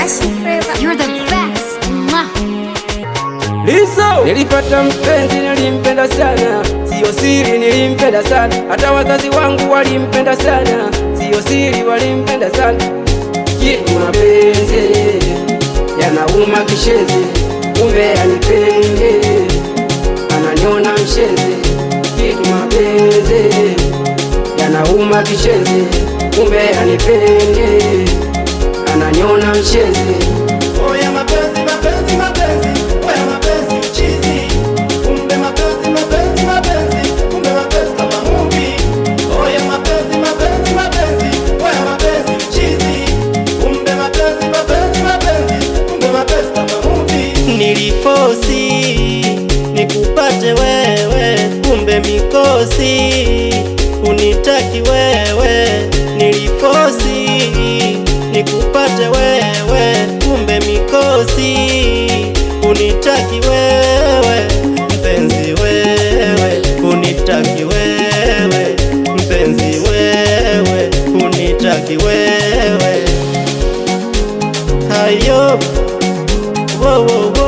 You're nilipata mpenzi nilimpenda sana, sio siri, nilimpenda sana, hata wazazi wangu walimpenda sana, sio siri, walimpenda sana. Kitu mapenzi yanauma kishenzi, kumbe anipende ananiona mshenzi. Kitu mapenzi yanauma kishenzi, kumbe anipende ananiona mshenzi. nilifosi unitaki wewe, nilifosi nikupate wewe, kumbe mikosi unitaki wewe, mpenzi wewe, unitaki wewe, mpenzi wewe, unitaki wewe, hayo wow, wow.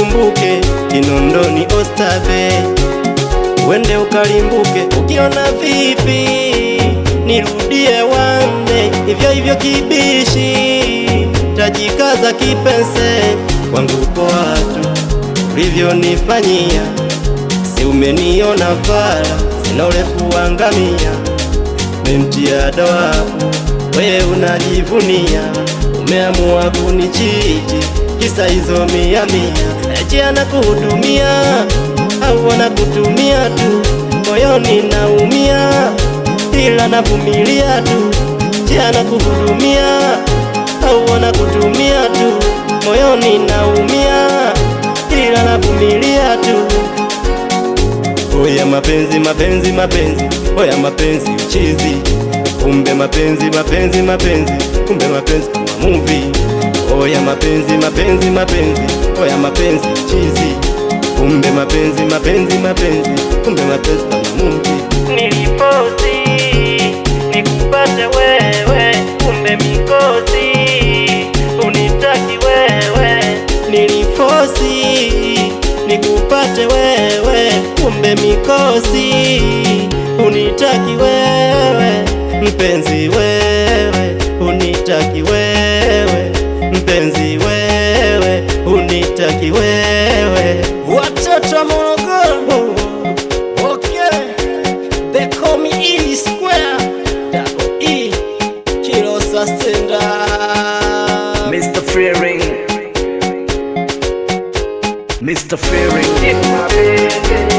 ukumbuke Kinondo ni Ostabe, wende ukalimbuke. Ukiona vipi nirudie wande, hivyo hivyo kibishi, tajikaza kipense kwangu kwa watu ulivyonifanyia, si umeniona fala, sina urefu wa ngamia, umemtia doa, wewe unajivunia, umeamua kunichiti kisa hizo mia mia Mwache kuhudumia au wanakutumia tu, moyoni naumia, ila navumilia tu. Je, kuhudumia au anakutumia tu, moyoni naumia, ila navumilia tu. Oya mapenzi mapenzi mapenzi, oya mapenzi uchizi, kumbe mapenzi mapenzi mapenzi, kumbe mapenzi kama movie mapenzi mapenzi mapenzi, oya mapenzi chizi, kumbe mapenzi mapenzi mapenzi, kumbe mapenzi tamamuzi, nilipozi nikupate wewe, kumbe mikozi unitaki wewe, nilipozi nikupate wewe, kumbe mikosi unitaki wewe, mpenzi wewe unitaki wewe mpenzi wewe, unitaki wewe, watoto wa Morogoro okay. They call Mr. Fearing Mr. Fearing